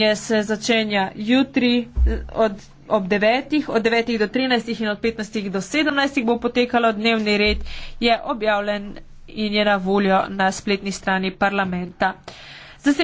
Je se začenja jutri od, ob 9. od 9. do 13. in od 15. do 17. bo potekalo dnevni red, je objavljen in je na voljo na spletni strani parlamenta.